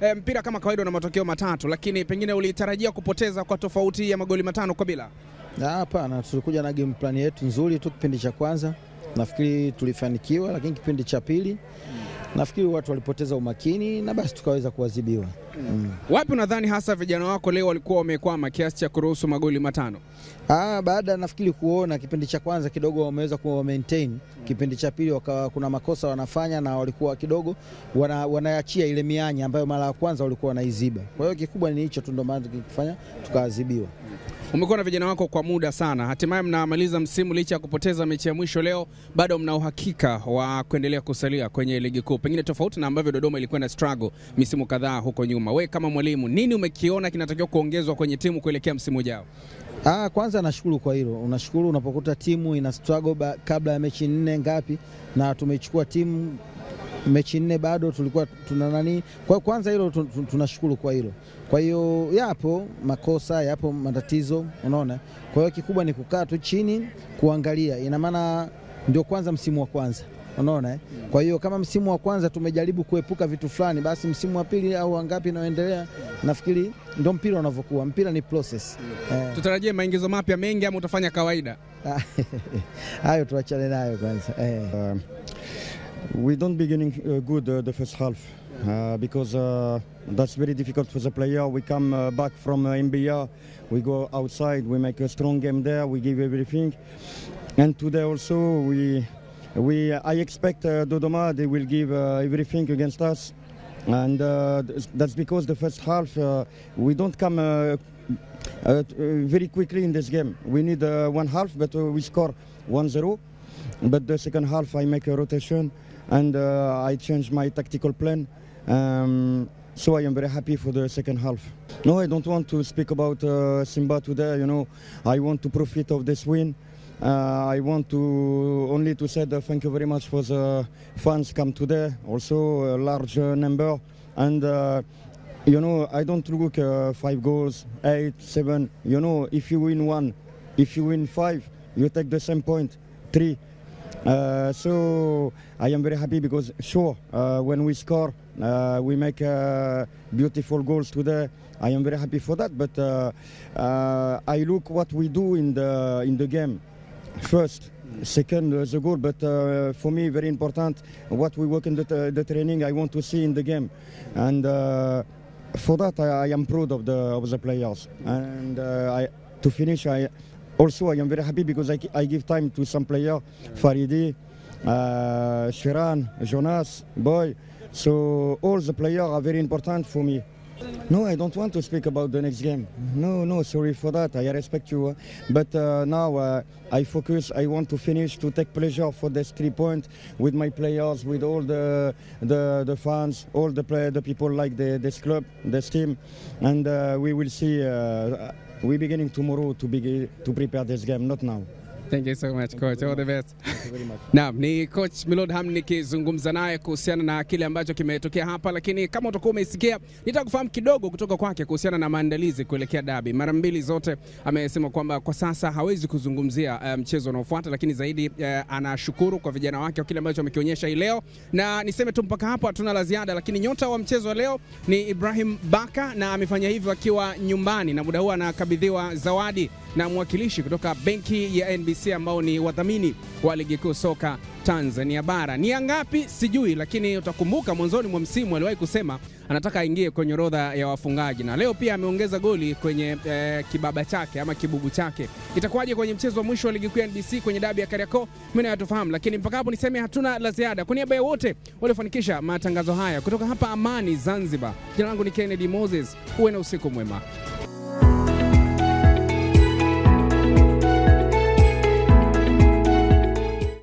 e, mpira kama kawaida na matokeo matatu, lakini pengine ulitarajia kupoteza kwa tofauti ya magoli matano kwa bila? Hapana, tulikuja na game plan yetu nzuri tu kipindi cha kwanza, nafikiri tulifanikiwa, lakini kipindi cha pili nafikiri watu walipoteza umakini na basi tukaweza kuadhibiwa. Mm. Wapi unadhani hasa vijana wako leo walikuwa wamekwama kiasi cha kuruhusu magoli matano? Ah, baada nafikiri kuona kipindi cha kwanza kidogo wameweza kuwa maintain Kipindi cha pili wakawa kuna makosa wanafanya na walikuwa kidogo wana, wanayachia ile mianya ambayo mara ya kwanza walikuwa wanaiziba. Kwa hiyo kikubwa ni hicho tu, ndio maana tukifanya tukaadhibiwa. Umekuwa na vijana wako kwa muda sana, hatimaye mnamaliza msimu licha ya kupoteza mechi ya mwisho leo, bado mna uhakika wa kuendelea kusalia kwenye ligi kuu, pengine tofauti na ambavyo Dodoma ilikuwa na struggle misimu kadhaa huko nyuma kama we kama mwalimu, nini umekiona kinatakiwa kuongezwa kwenye timu kuelekea msimu ujao? Ah, kwanza nashukuru kwa hilo. Unashukuru unapokuta timu ina struggle kabla ya mechi nne ngapi, na tumeichukua timu mechi nne bado tulikuwa tuna nani. Kwa kwanza hilo tunashukuru kwa hilo. Kwa hiyo yapo makosa, yapo matatizo, unaona. Kwa hiyo kikubwa ni kukaa tu chini kuangalia, ina maana ndio kwanza msimu wa kwanza Unaona eh? Kwa hiyo kama msimu wa kwanza tumejaribu kuepuka vitu fulani, basi msimu wa pili au wangapi inayoendelea, nafikiri ndio mpira unavyokuwa. Mpira ni process. Eh. Tutarajie maingizo mapya mengi ama utafanya kawaida? Hayo tuachane nayo kwanza. Eh. Uh, we don't beginning uh, good uh, the first half uh, because uh, that's very difficult for the player. We come uh, back from uh, MBA, we go outside, we make a strong game there, we give everything. And today also we we uh, I expect uh, Dodoma they will give uh, everything against us, and that's because the first half we don't come. very quickly in this game. We need one half, but we score 1 0. But the second half, I make a rotation and I change my tactical plan. Um, so I am very happy for the second half. No, I don't want to speak about uh, Simba today. You know, I want to profit of this win. Uh, I want to only to say thank you very much for the fans come today, also a large uh, number, and uh, you know I don't look uh, five goals, eight, seven. You know if you win one, if you win five, you take the same point, three. Uh, so I am very happy because sure uh, when we score, we make beautiful goals today. I am very happy for that, but I look what we do in the in the game first second the uh, goal but uh, for me very important what we work in the, uh, the training i want to see in the game and uh, for that I, I, am proud of the of the players and uh, I, to finish i also i am very happy because i, I give time to some player faridi uh, shiran jonas boy so all the players are very important for me no, I don't want to speak about the next game. No, no, sorry for that. I respect you. Uh, but uh, now uh, I focus. I want to finish to take pleasure for this three point with my players, with all the the, the fans, all the play, the people like the, this club, this team, and uh, we will see. Uh, we beginning tomorrow to begin to prepare this game, not now. Thank you so much coach. All the best. Naam, ni coach Milord nikizungumza naye kuhusiana na kile ambacho kimetokea hapa, lakini kama utakuwa umesikia, nitaka kufahamu kidogo kutoka kwake kuhusiana na maandalizi kuelekea dabi. Mara mbili zote amesema kwamba kwa sasa hawezi kuzungumzia eh, mchezo um, unaofuata, lakini zaidi uh, anashukuru kwa vijana wake kwa kile ambacho wamekionyesha hii leo, na niseme tu mpaka hapo hatuna la ziada, lakini nyota wa mchezo leo ni Ibrahim Baka na amefanya hivyo akiwa nyumbani na muda huu anakabidhiwa zawadi na mwakilishi kutoka benki ya NBC ambao ni wadhamini wa ligi kuu soka Tanzania bara. Ni yangapi sijui, lakini utakumbuka mwanzoni mwa msimu aliwahi kusema anataka aingie kwenye orodha ya wafungaji, na leo pia ameongeza goli kwenye eh, kibaba chake ama kibubu chake. Itakuwaje kwenye mchezo wa mwisho wa ligi kuu ya NBC kwenye dabi ya Kariakoo? Mimi nayatufahamu, lakini mpaka hapo niseme hatuna la ziada. Kwa niaba ya wote waliofanikisha matangazo haya kutoka hapa Amani Zanzibar, jina langu ni Kennedy Moses. Uwe na usiku mwema.